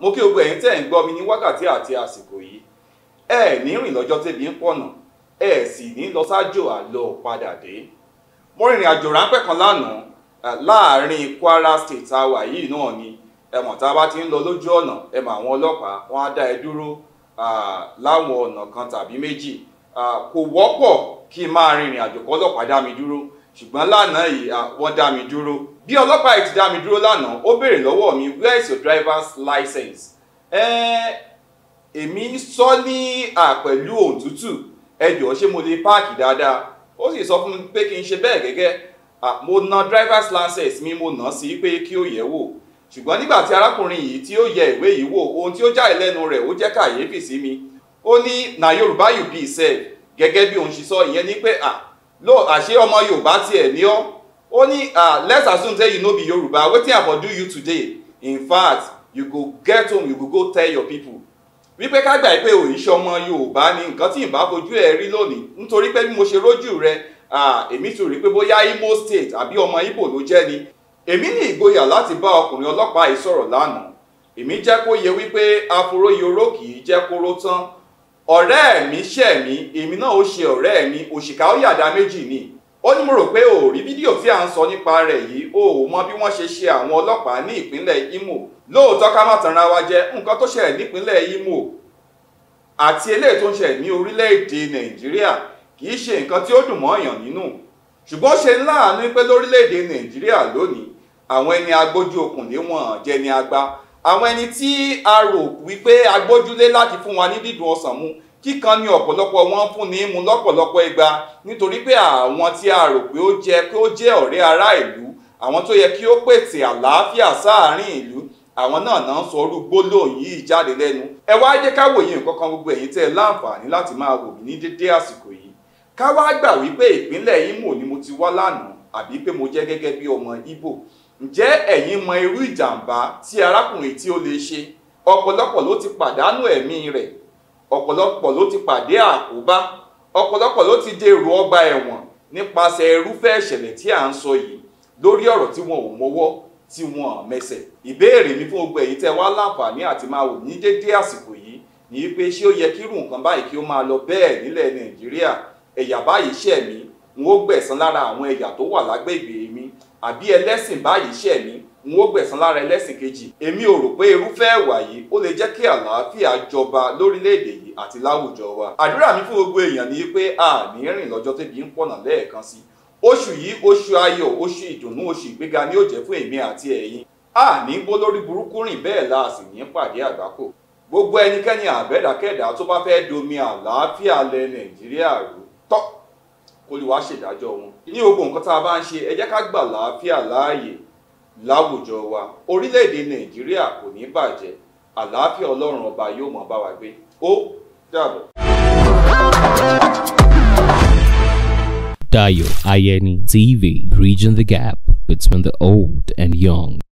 mo kí gbogbo ẹ̀yin tẹ́ ń gbọ́ mi ní wákàtí àti àsìkò yìí ẹ ní rìn lọ́jọ́ tẹ́bi ń pọ̀nà ẹ sì ní lọ sájò àlọ padà dé mo rìnrìn àjò ráńpẹ́ kan lánàá láàrin Kwara State àwà yìí náà ni ẹmọ̀ tá a bá ti ń lọ lójú ọ̀nà ẹmọ̀ àwọn ọlọ́pàá wọn á dá ẹ dúró láwọn ọ̀nà kan tàbí méjì kò wọ́pọ̀ kí n máa rìnrìn àjò kọ́ ọlọ́pàá dá mi dúró ṣùgbọ́n lánàá yìí wọ́n dá mi dúró bí ọlọ́pàá yìí ti dá mi dúró lánàá ó béèrè lọ́wọ́ mi where is your driver's license èmi sọ ní àpẹ̀lú òtútù ẹ jọ̀ọ́ ṣé mo lè páàkì dáadáa ó sì sọ fún mi pé kí n ṣe bẹ́ẹ̀ gẹ́gẹ́ mo na driver's license mi mo nà á sí pé kí ó yẹ̀ wò ṣùgbọ́n nígbà tí arákùnrin yìí tí ó yẹ ìwé yìí wò ohun tí ó jáde lẹ́nu rẹ̀ ó jẹ́ kàyéfì sí mi ó ní na Yorùbá you be safe gẹ́gẹ́ bí òun ṣe sọ ìyẹn ni pé lo àṣé ọmọ yorùbá tiẹ̀ ní ọ́ ó ní let's assume say you no be yorùbá wetin i for do you today in fact you go get home you go go tell your people wípé ká gbà pé òyìnṣẹ́ ọmọ yorùbá ni nǹkan tí ìbá fojú ẹ̀ rí lónìí nítorí pé bí mo ṣe rójú rẹ èmi tún rí pé bóyá imo state àbí ọmọ ibo ló jẹ́ ni èmi ní ìgboyà láti bá ọkùnrin ọlọ́pàá yìí sọ̀rọ̀ lánàá èmi jẹ́ kó yẹ wípé aforo yorò kì í jẹ́ kóró tán ọ̀rẹ́ mi ṣẹ̀ mí èmi náà ó ṣe ọ̀rẹ́ mi òṣìkà ó yàdá méjì ni ó ní mo rò pé o ò rí fídíò tí à ń sọ nípa rẹ̀ yìí o ò mọ bí wọ́n ṣe ṣe àwọn ọlọ́pàá ní ìpínlẹ̀ Imo lóòótọ́ ká má tanra wa jẹ nǹkan tó ṣẹlẹ̀ nípínlẹ̀ Imo àti eléyìí tó ń ṣẹlẹ̀ ní orílẹ̀-èdè Nàìjíríà kì í ṣe nǹkan tí ó dùn mọ́ èèyàn nínú ṣùgbọ́n ṣe láàánú pé lórílẹ̀-èdè Nàìjíríà lónìí àwọn ẹni agbójú okùn ní wọ́n jẹni agba àwọn ẹni tí a rò wípé a gbójúlé láti fún wa ní dídùn ọsàn mu kíkan ní ọ̀pọ̀lọpọ̀ wọn fún ní mu lọ́pọ̀lọpọ̀ ìgbà nítorí pé àwọn tí a rò pé ó jẹ́ pé ó jẹ́ ọ̀rẹ́ ará ìlú àwọn tó yẹ kí ó pètè àlàáfíà sáàárín ìlú àwọn náà náà sọ orú gbólóhùn yìí jáde lẹ́nu ẹ wá jẹ́ ká wòye nǹkan kan gbogbo ẹ̀yin tẹ́ ẹ láǹfààní láti máa wò mí ní dédé àsìkò yìí ká wá gbà wípé ìpínlẹ̀ Imo ni mo ti wá lánàá àbí pé mo jẹ́ gẹ́gẹ́ bí ọmọ Ìgbò ǹjẹ́ ẹ̀yin mọ irú ìjàmbá tí arákùnrin tí ó lè ṣe ọ̀pọ̀lọpọ̀ ló ti pàdánù ẹ̀mí rẹ̀ ọ̀pọ̀lọpọ̀ ló ti pàdé àkóbá ọ̀pọ̀lọpọ̀ ló ti dèrò ọgbà ẹ̀wọ̀n nípasẹ̀ irúfẹ́ ìṣẹ̀lẹ̀ tí à ń sọ yìí lórí ọ̀rọ̀ tí wọn ò mọwọ́ tí wọn ò mẹsẹ̀ ìbéèrè mi fún gbogbo èyí tẹ́ wá láǹfààní àti máa wò ní dédé àsìkò yìí ní wípé ṣé ó yẹ kí irú nǹkan báyìí kí ó máa lọ bẹ́ẹ̀ nílẹ̀ Nàìjíríà ẹ̀yà báyìí ṣẹ̀ mí n ó gbẹ̀san lára àwọn ẹ̀yà tó wà lágbègbè mi àbí ẹlẹ́sìn báyìí ṣẹ̀ mí n ó gbẹ̀san lára ẹlẹ́sìn kejì èmi ò rò pé irúfẹ́ ẹ̀wà yìí ó lè jẹ́ kí àlàáfíà jọba lórílẹ̀‐èdè yìí àti láwùjọ wa àdúrà mi fún gbogbo èèyàn ni pé a ní rìn lọ́jọ́ tẹ́bi ń pọ̀nà lẹ́ẹ̀kan sí oṣù yìí oṣù ayọ̀ oṣù ìdùnnú oṣù ìgbéga ni ó jẹ́ fún èmi àti ẹ̀yin a ní gbó lórí burúkú rìn bẹ́ẹ̀ la sì ní pàdé àgbákò gbogbo ẹnikẹ́ni àbẹ́dàkẹ́dà tó bá fẹ́ domi àlàáfíà lẹ Nàìjíríà rú tọ́ kólúwa ṣèdájọ́ wọn ní gbogbo nǹkan tá a bá ń ṣe ẹ jẹ́ ká gbà láàfíà láàyè láwùjọ wa orílẹ̀-èdè nàìjíríà kò ní bàjẹ́ àlàáfíà ọlọ́run ọba yóò mọ̀ bá wa gbé ó dàbọ̀. Dayo Ayeni TV, bridging the gap between the old and young.